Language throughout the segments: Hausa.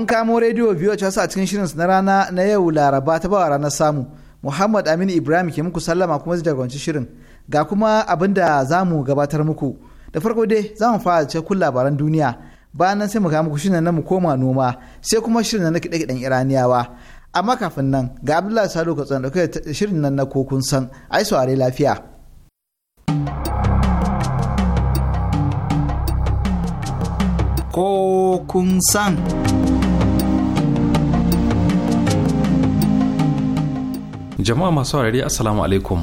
kun kamo rediyo biyu a cikin shirin na rana na yau laraba ta bawa ranar samu muhammad aminu ibrahim ke muku sallama kuma zai jagoranci shirin ga kuma abin da za mu gabatar muku da farko dai za mu fara kun labaran duniya bayan nan sai mu ga muku shirin na mu koma noma sai kuma shirin na kiɗe-kiɗen iraniyawa amma kafin nan ga abdullahi salo ka kai dauke shirin nan na kokun san ai saurari lafiya kokun san jama'a masu saurari assalamu alaikum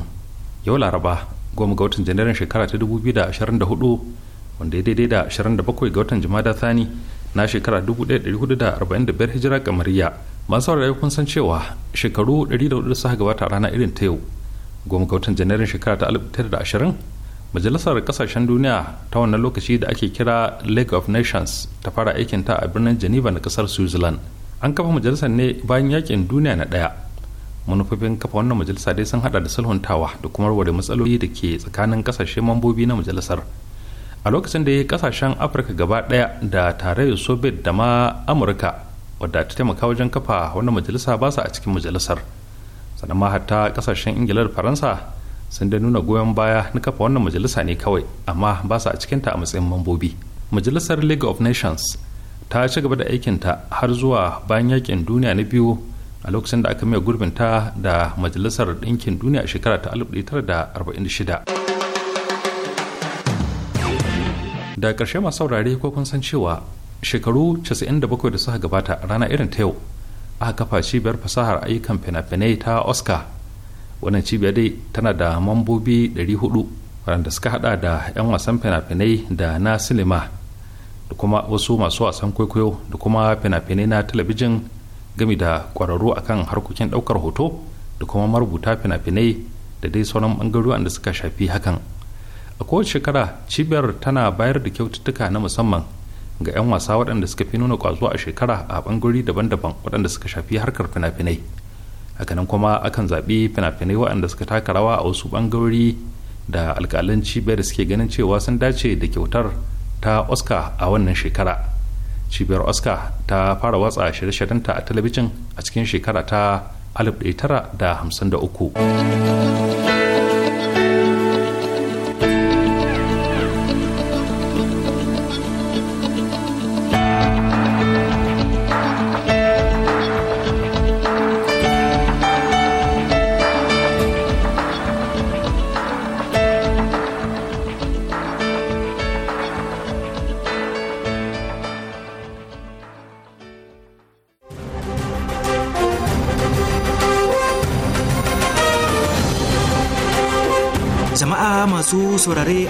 yau laraba goma ga watan janairun shekara ta 2024 wanda ya daidai da 27 ga watan jima'a thani na shekara 1445 hijira kamariya masu saurari kun san cewa shekaru 104 suka gabata rana irin ta yau goma ga watan janairun shekara ta 1920 majalisar kasashen duniya ta wannan lokaci da ake kira league of nations ta fara aikinta a birnin geneva na kasar switzerland an kafa majalisar ne bayan yakin duniya na daya manufofin kafa wannan majalisa dai sun hada da sulhuntawa da kuma warware matsaloli da ke tsakanin kasashe mambobi na majalisar a lokacin da ya kasashen afirka gaba daya da tarayyar soviet da ma amurka wadda ta taimaka wajen kafa wannan majalisa ba su a cikin majalisar sannan ma hatta kasashen ingila da faransa sun da nuna goyon baya na kafa wannan majalisa ne kawai amma ba su a cikinta a matsayin mambobi majalisar league of nations ta ci gaba da aikinta har zuwa bayan yakin duniya na biyu a lokacin da aka mai gurbinta da majalisar ɗinkin duniya a shekara ta 1946 da ƙarshe masu saurare ko kun san cewa shekaru 97 da suka gabata rana irin ta yau aka kafa cibiyar fasahar ayyukan fina-finai ta oscar wannan cibiyar dai tana da mambobi 400 waɗanda suka hada da 'yan wasan fina-finai da na silima da kuma wasu masu wasan kwaikwayo da kuma fina-finai na talabijin game da kwararru akan harkokin daukar hoto da kuma marubuta fina-finai da dai sauran bangarorin da suka shafi hakan a kowace shekara cibiyar tana bayar da kyaututtuka na musamman ga 'yan wasa waɗanda suka fi nuna kwazo a shekara a bangarori daban-daban waɗanda suka shafi harkar fina-finai hakanan kuma akan zaɓi fina-finai waɗanda suka taka rawa a wasu bangarori da alƙalan cibiyar da suke ganin cewa sun dace da kyautar ta oscar a wannan shekara cibiyar oscar ta fara watsa shirye-shiryenta a talabijin a cikin shekara ta 1953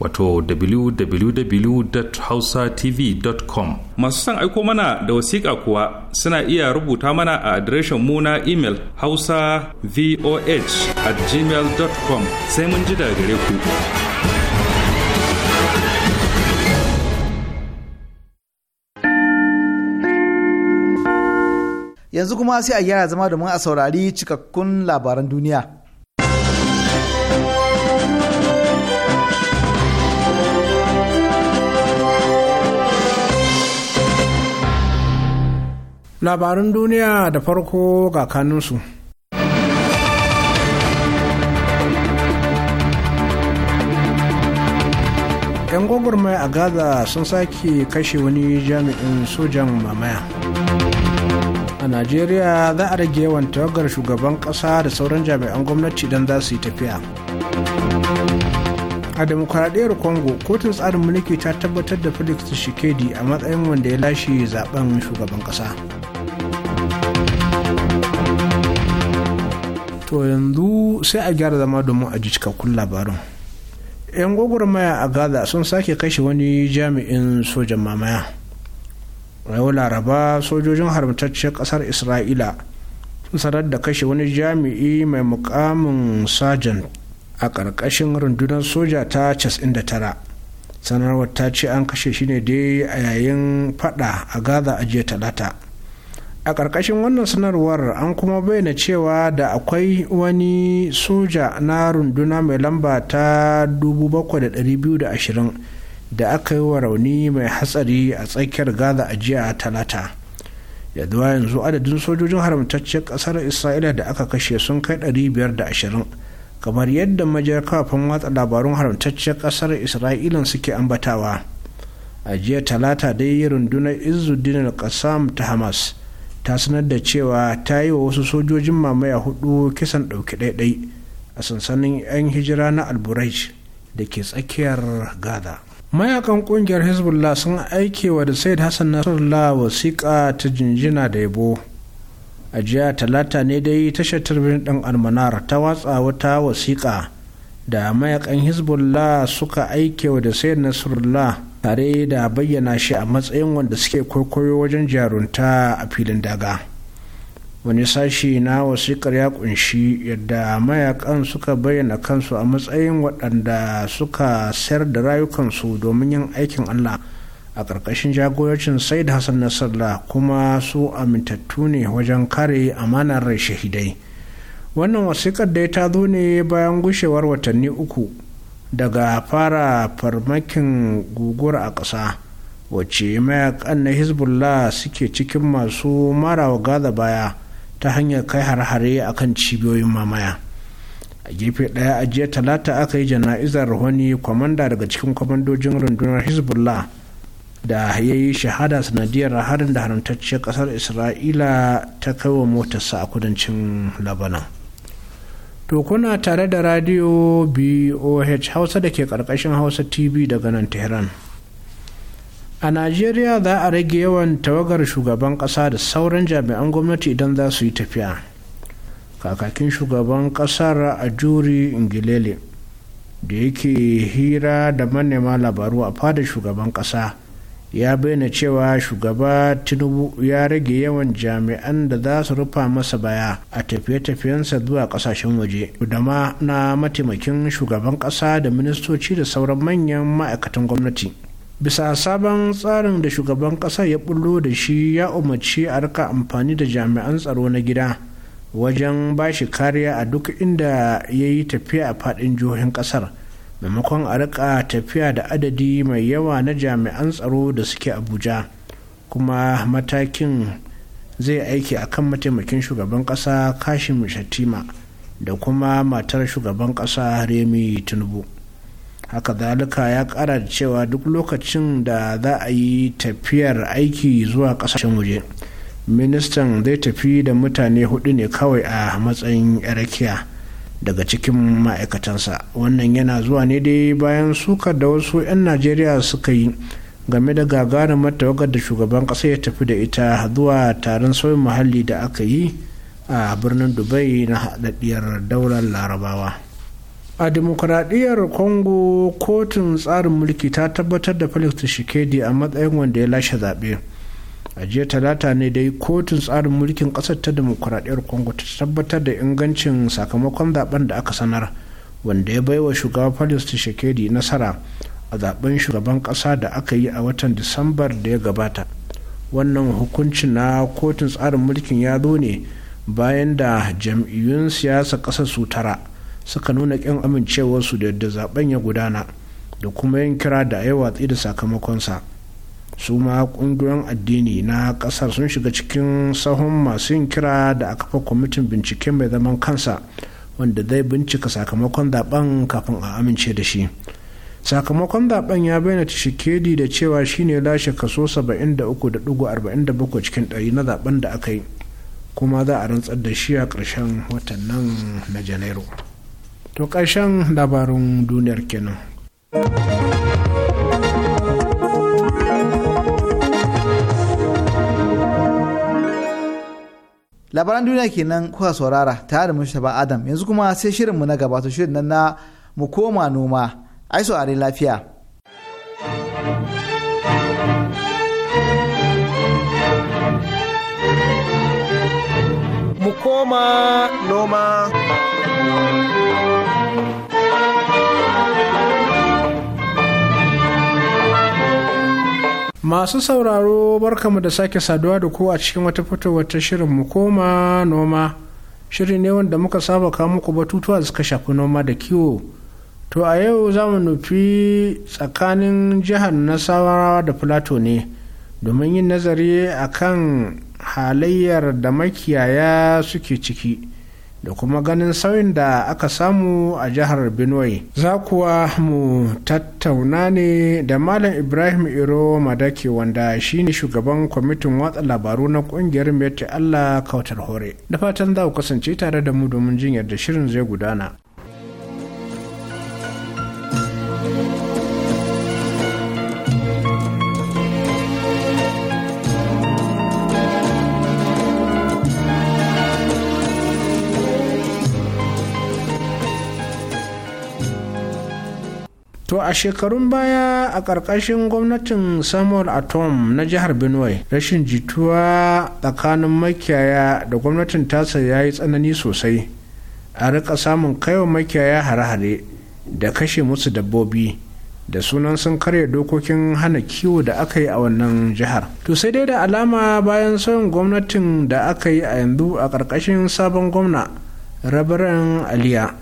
wato www.hausatv.com masu son aiko mana da wasiƙa kuwa suna iya rubuta mana a adireshin mu na imel hausa voh at gmail.com sai mun ji daga gare ku yanzu kuma sai a gyara zama domin a saurari cikakkun labaran duniya labarin duniya da farko ga kanunsu. yan gwagwarmaya a gaza sun sake kashe wani jami'in sojan mamaya a najeriya za a rage yawan tawagar shugaban kasa da sauran jami'an gwamnati don za su yi tafiya a demokuraɗiyar congo kotun tsarin mulki ta tabbatar da felix shikedi a matsayin wanda ya lashe zaben shugaban kasa to yanzu sai a gyara zama domin a ji cikakkun labarin yan gwagwarmaya a gaza sun sake kashe wani jami'in sojan mamaya yau laraba sojojin haramtacciyar kasar isra'ila sun sanar da kashe wani jami'i mai mukamin sajan a ƙarƙashin rundunar soja ta 99 sanarwar ta ce an kashe shi ne dai a yayin fada a gaza a jiya talata a ƙarƙashin wannan sanarwar an kuma bayyana cewa da akwai wani soja na runduna mai lamba ta 7,220 da aka yi wa rauni mai hatsari a tsakiyar gaza a jiya talata yadda yanzu adadin sojojin haramtacciyar ƙasar isra'ila da aka kashe sun kai 520 kamar yadda majiyar kafin watsa labarun haramtacciyar ƙasar isra'ila suke ambatawa a jiya talata dai rundunar izuddin al-qassam ta hamas ta sanar da cewa ta yi wa wasu sojojin mamaya hudu kisan ɗauki ɗaiɗai a sansanin 'yan hijira na alburaj da ke tsakiyar gaza mayakan kungiyar hezbollah sun aike wa da said hassan nasrullah wasiƙa ta jinjina da yabo a jiya talata ne dai tashar turbin ɗan almanar ta watsa wata wasiƙa da mayakan hezbollah suka aike wa da said nasrullah tare da bayyana shi a matsayin wanda suke kwaikwayo wajen jarunta a filin daga wani sashi na wasiƙar ya kunshi yadda mayakan suka bayyana kansu a matsayin waɗanda suka sayar da rayukansu domin yin aikin allah a ƙarƙashin jagorancin said hassan nasarla kuma su amintattu ne wajen kare amanar rai shahidai wannan wasiƙar dai ta zo ne bayan gushewar watanni uku daga fara farmakin guguwar a ƙasa wacce mayakan na hezbollah suke cikin masu marawa gaza baya ta hanyar kai har-hare a kan cibiyoyin mamaya a gefe ɗaya a jiya talata aka yi jana'izar wani kwamanda daga cikin kwamandojin rundunar hezbollah da ya yi shahada sanadiyar harin da haramtacciyar ƙasar isra'ila ta kai wa motarsa a kudancin labanan To kuna tare da radio BOH Hausa da ke ƙarƙashin Hausa TV daga nan Tehran. A Najeriya za a rage yawan tawagar shugaban ƙasa da sauran jami'an gwamnati idan za su yi tafiya. Kakakin shugaban ƙasar a juri Ingilele da yake hira da manema labaru a fadar shugaban ƙasa ya bayyana cewa shugaba tinubu ya rage yawan jami'an da za su rufa masa baya a tafiye-tafiyensa zuwa kasashen waje da ma na mataimakin shugaban kasa da ministoci da sauran manyan ma'aikatan gwamnati bisa sabon tsarin da shugaban kasa ya bullo da shi ya umarci a rika amfani da jami'an tsaro na gida wajen ba shi kariya a duk inda ya yi tafiya a faɗin jihohin ƙasar. kasar maimakon a rika tafiya da adadi mai yawa na jami'an tsaro da suke abuja kuma matakin zai aiki a kan mataimakin shugaban kasa kashim shatima da kuma matar shugaban kasa remi tinubu haka zalika ya kara da cewa duk lokacin da za a yi tafiyar aiki zuwa kasashen waje ministan zai tafi da mutane hudu ne kawai a matsayin rakiya daga cikin ma'aikatansa wannan yana zuwa ne dai bayan sukar da wasu 'yan najeriya suka yi game da gagarumar tawagar da shugaban ƙasa ya tafi da ita zuwa taron sauyin muhalli da aka yi a birnin dubai na haɗaɗɗiyar daular larabawa a demokuraɗiyyar congo kotun tsarin mulki ta tabbatar da felix tshisekedi a matsayin wanda ya lashe zaɓe. a jiya talata ne dai kotun tsarin mulkin kasar ta demokuraɗiyar congo ta tabbatar da ingancin sakamakon zaben da aka sanar wanda ya baiwa shugaban falis shekedi nasara a zaben shugaban kasa da aka yi a watan disambar da ya gabata wannan hukunci na kotun tsarin mulkin ya zo ne bayan da jam'iyyun siyasa ƙasar su tara suka nuna ƙin amincewarsu da yadda zaben ya gudana da kuma yin kira da a yi watsi da sakamakonsa su ma kungiyoyin addini na kasar sun shiga cikin sahun masu yin kira da aka fa kwamitin bincike mai zaman kansa wanda zai bincika sakamakon zaben kafin a amince da shi sakamakon zaben ya bayyana tashikedi da cewa shine lashe kaso 73.47 cikin ɗari na zaben da aka yi kuma za a rantsar da shi a karshen watan nan na janairu to karshen labarin duniyar kenan. labaran duniya kenan kuka saurara tare da mustapha adam yanzu kuma sai shirinmu na gaba to shirin nan na mu koma noma ai saurari lafiya mu koma noma masu sauraro barkamu da sake saduwa da ku a cikin wata fitowar wata shirin mu koma noma shirin ne wanda muka saba kawo muku batutuwa da suka shafi noma da kiwo to a yau za mu nufi tsakanin jihar nasarawa da filato ne domin yin nazari a kan halayyar da makiyaya suke ciki da kuma ganin sauyin da aka samu a jihar benue za kuwa mu tattauna ne da malam ibrahim iro madaki wanda shine shugaban kwamitin watsa labaru na kungiyar mai allah kautar hore da fatan za ku kasance tare da mu domin jin yadda shirin zai gudana To a shekarun baya a ƙarƙashin gwamnatin Samuel Atom na jihar Benue, rashin jituwa tsakanin makiyaya da gwamnatin tasa ya yi tsanani sosai. A rika samun kaiwa makiyaya hare-hare da kashe musu dabbobi da sunan sun karya dokokin hana kiwo da aka yi a wannan jihar. To sai dai da alama bayan sauyin gwamnatin da aka yi a yanzu a ƙarƙashin sabon gwamna, Rabaran Aliya,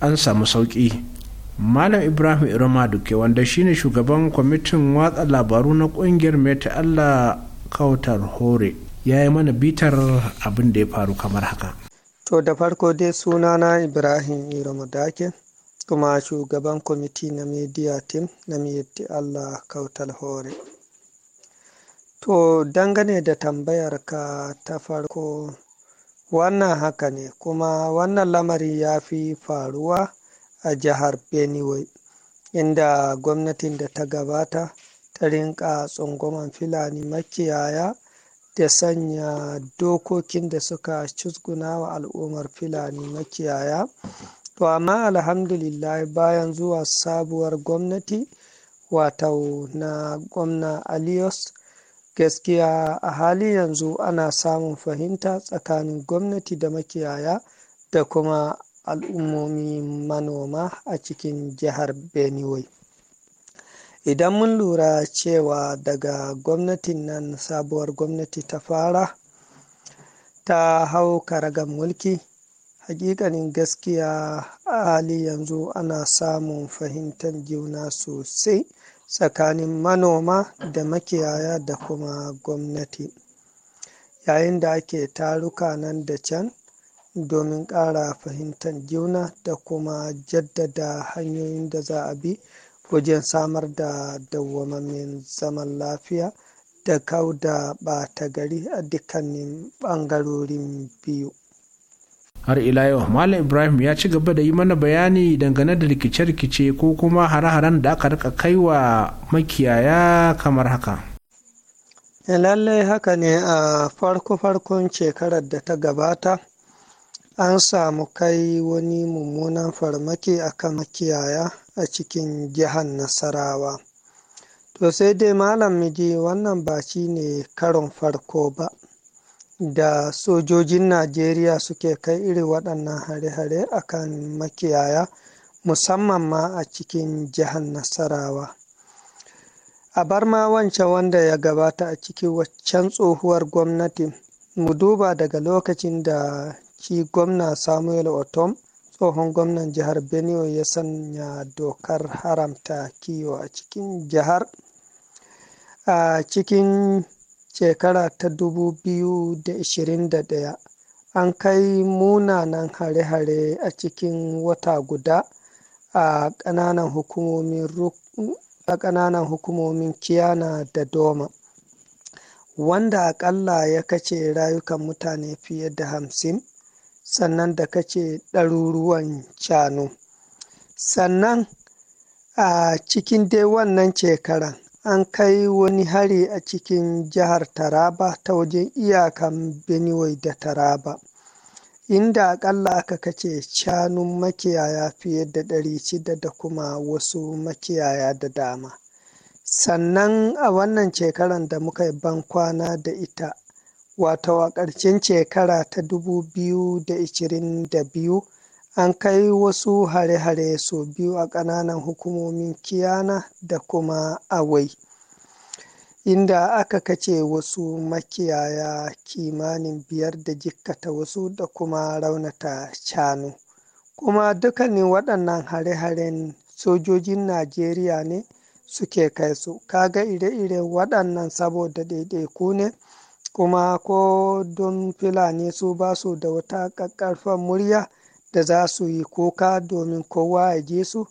an samu sauƙi. malam ibrahim iroma duke wanda shine shugaban kwamitin watsa labaru na kungiyar meta allah kautar hore ya yi mana bitar abin da ya faru kamar haka to da farko dai sunana ibrahim iroma dake kuma shugaban kwamiti na media team na meta allah kautar hore to dangane da tambayar ka ta farko wannan haka ne kuma wannan lamari ya fi faruwa a jihar benue inda gwamnatin da ta gabata ta rinka tsangwaman fulani makiyaya da sanya dokokin da suka cizguna wa al'ummar fulani makiyaya to amma alhamdulillah bayan zuwa sabuwar gwamnati wato na gwamna Aliyus, gaskiya a hali yanzu ana samun fahimta tsakanin gwamnati da makiyaya da kuma al'ummomi manoma a cikin jihar benue idan mun lura cewa daga gwamnatin nan sabuwar gwamnati ta fara ta hau karagar mulki hakikanin gaskiya a hali yanzu ana samun fahimtar juna sosai tsakanin manoma da makiyaya da kuma gwamnati yayin da ake taruka nan da can domin ƙara fahimtar juna da kuma jaddada hanyoyin da za a bi wajen samar da dawwamammen zaman lafiya da kau da ɓata gari a dukkanin ɓangarorin biyu. har ila yau malam ibrahim ya ci gaba da yi mana bayani dangane da rikice-rikice ko kuma hare-haren da aka rika kai wa makiyaya kamar haka eh, lallai haka ne a farko-farkon shekarar da ta gabata an samu kai wani mummunan farmaki a kan makiyaya a cikin jihar nasarawa to sai dai malam miji wannan ba shi ne karon farko ba da sojojin najeriya suke kai iri waɗannan hare-hare a kan makiyaya musamman ma a cikin jihar nasarawa a bar ma wancan wanda ya gabata a cikin waccan tsohuwar gwamnati mu duba daga lokacin da shi gwamna samuel otom tsohon gwamnan jihar benue ya sanya dokar haramta kiwo a cikin jihar a cikin shekara ta 2021 an kai munanan hare-hare a cikin wata guda a ƙananan hukumomin hukumomin kiyana da doma wanda akalla ya kashe rayukan mutane fiye da hamsin sannan da kace ɗaruruwan canu sannan a cikin dai wannan shekaran an kai wani hari a cikin jihar taraba ta wajen iyakan benue da taraba inda akalla aka kace shanun makiyaya fiye da ɗari shida da kuma wasu makiyaya da dama sannan a wannan shekaran da muka yi ban kwana da ita wato a ƙarshen shekara ta biyu an kai wasu hare-hare sau biyu a ƙananan hukumomin kiyana da kuma awai inda aka kace wasu makiyaya kimanin biyar da jikkata wasu da kuma raunata shanu kuma dukkanin waɗannan hare-haren sojojin najeriya ne suke kai su kaga ire-iren waɗannan saboda ɗaiɗaiku ne kuma ko don fulani su ba su da wata ƙaƙƙarfan murya da za su yi kuka domin kowa ya je su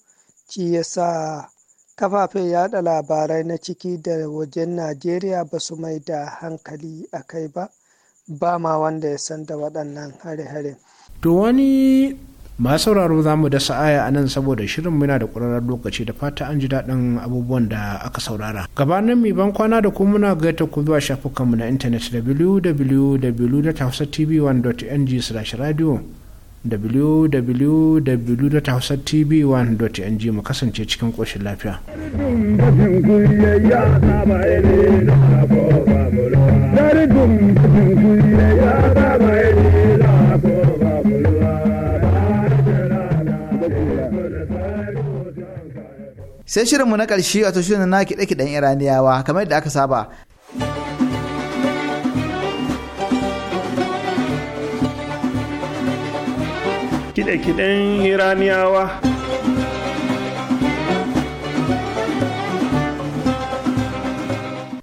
ci sa kafafen yaɗa labarai na ciki da wajen najeriya ba su mai da hankali a kai ba ba ma wanda ya san da waɗannan hare-hare to wani masu sauraro za mu da sa'aya a nan saboda shirin muna da ƙwararren lokaci da fata an ji daɗin abubuwan da aka saurara. Gabanin mi ban kwana da kuma muna gaita ku zuwa shafukanmu na intanet wwwtv 1ng slash radio wwwtv 1ng mu kasance cikin ƙoshin lafiya. Dari dum dum sai shirinmu na ƙarshe wato shirin na kiɗe-kiɗen iraniyawa kamar yadda aka saba kiɗe-kiɗen iraniyawa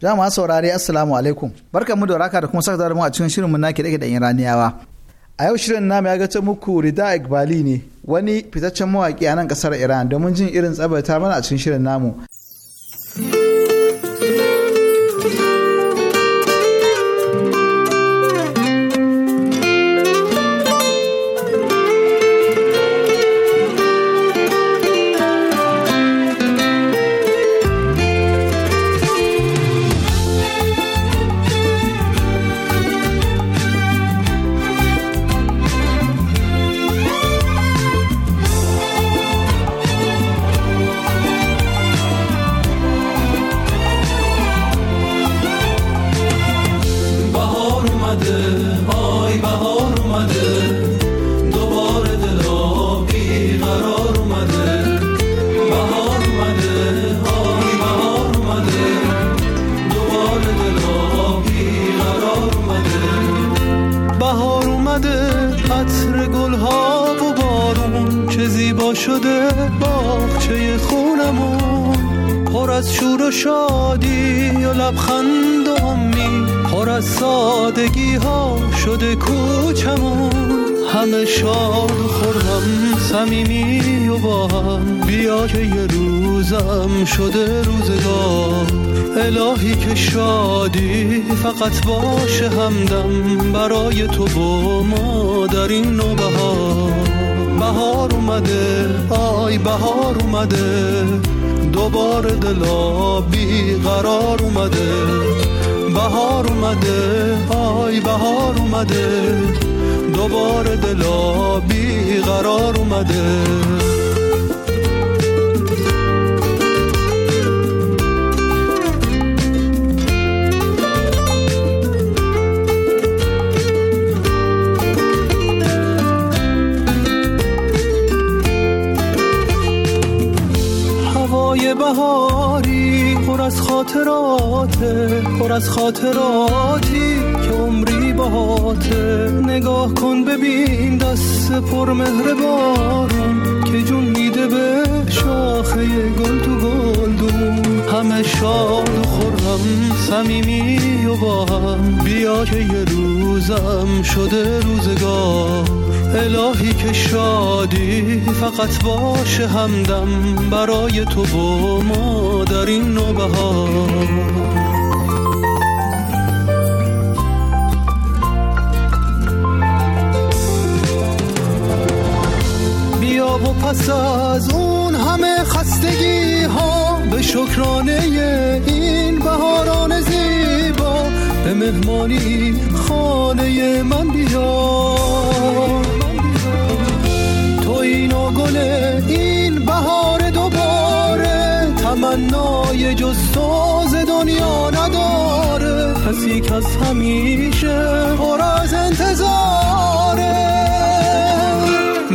jama'a saurari assalamu alaikum barkanmu da raka da kuma saka mu a cikin shirinmu na kiɗe-kiɗen iraniyawa a yau shirin namu ya gace muku rida igbali ne wani fitaccen mawaƙi a nan ƙasar iran domin jin irin tsabarta mana a cikin shirin namu از شور و شادی و لبخند و همی پر از سادگی ها شده کوچمون همه شاد و خورم سمیمی و با هم بیا که یه روزم شده روزگار الهی که شادی فقط باشه همدم برای تو با ما در این نوبهار بهار اومده آی بهار اومده دوباره دلا بی قرار اومده بهار اومده آی بهار اومده دوباره دلا قرار اومده پر از خاطراتی که عمری باهاته نگاه کن ببین دست پر مهر بارون که جون میده به شاخه گل تو گلدون همه شاد و خورم سمیمی و با هم بیا که یه روزم شده روزگار الهی که شادی فقط باشه همدم برای تو و ما در این نوبهار پس از اون همه خستگی ها به شکرانه این بهاران زیبا به مهمانی خانه من بیا تو این گل این بهار دوباره تمنای جستاز دنیا نداره کسی از همیشه پر از انتظار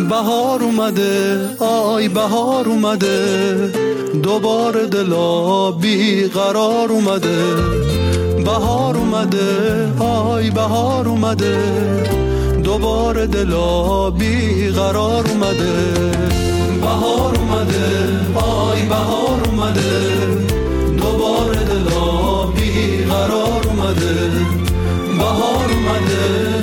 بهار اومده آی بهار اومده دوباره دلا بی قرار اومده بهار اومده آی بهار اومده دوباره دلا بی قرار اومده بهار اومده آی بهار اومده دوباره دلا بی قرار اومده بهار اومده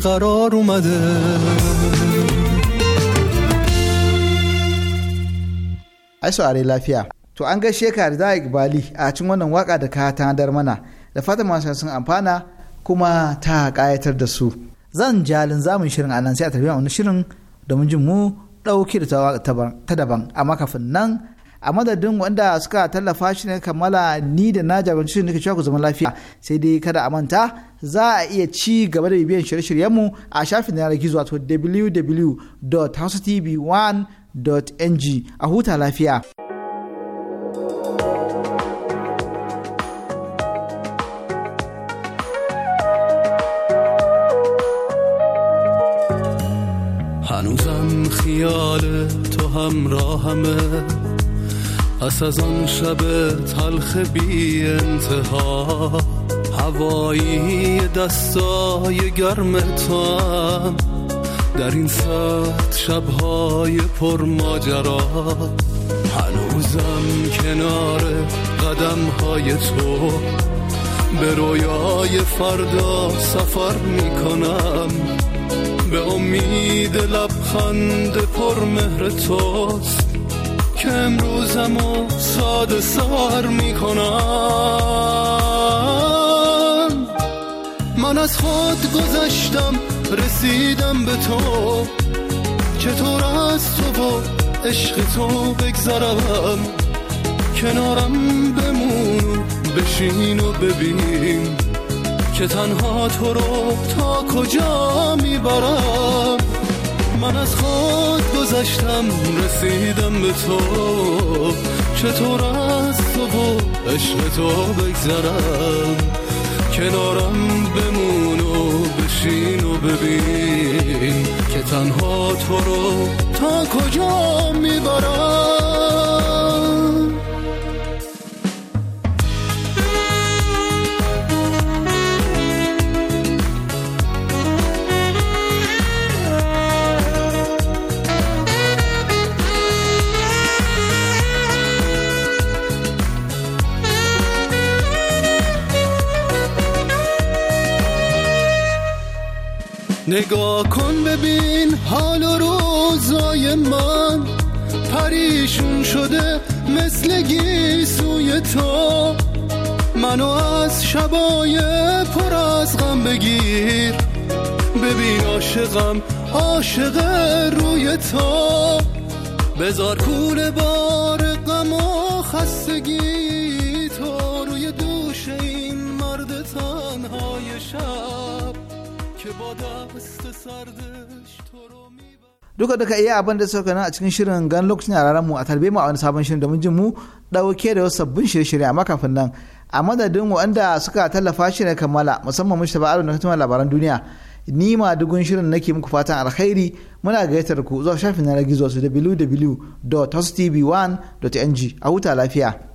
قرار اومده ai saurari lafiya to an gaishe ka da Iqbali a cikin wannan waka da ka tanadar mana da fatan masu sun amfana kuma ta kayatar da su zan jalin zamun shirin a nan sai a tafiya wani shirin domin jin mu ɗauke da ta daban a kafin nan a madadin wanda suka tallafa shi ne kammala ni da na jagoranci shi nake cewa ku zama lafiya sai dai kada a manta za a iya ci gaba da bibiyan shirye-shiryenmu a shafin na yanar gizo wato www.housetv1.ng a huta lafiya. هنوزم خیال تو همه پس از آن شب تلخ بی انتها هوایی دستای گرم تو در این ساعت شبهای پر ماجرا هنوزم کنار قدمهای تو به رویای فردا سفر میکنم به امید لبخند پر مهر توست که امروزم و ساده سار میکنم من از خود گذشتم رسیدم به تو چطور از تو با عشق تو بگذرم کنارم بمون بشین و ببین که تنها تو رو تا کجا میبرم من از خود گذشتم رسیدم به تو چطور از تو با عشق تو بگذرم کنارم بمون و بشین و ببین که تنها تو رو تا کجا میبرم نگاه کن ببین حال و روزای من پریشون شده مثل گیسوی تو منو از شبای پر از غم بگیر ببین عاشقم عاشق روی تو بزار کول بار غم و خستگی duka duka iya abin da suka nan a cikin shirin gan lokacin a mu a tarbe mu a wani sabon shirin da mun ji mu dauke da wasu sabbin shirye-shirye amma kafin nan a madadin waɗanda suka tallafa shi ne kammala musamman mustapha shi na katunan labaran duniya ni ma dugun shirin ke muku fatan alkhairi muna gayyatar ku zuwa shafin na gizo su wwwtostv 1ng a huta lafiya.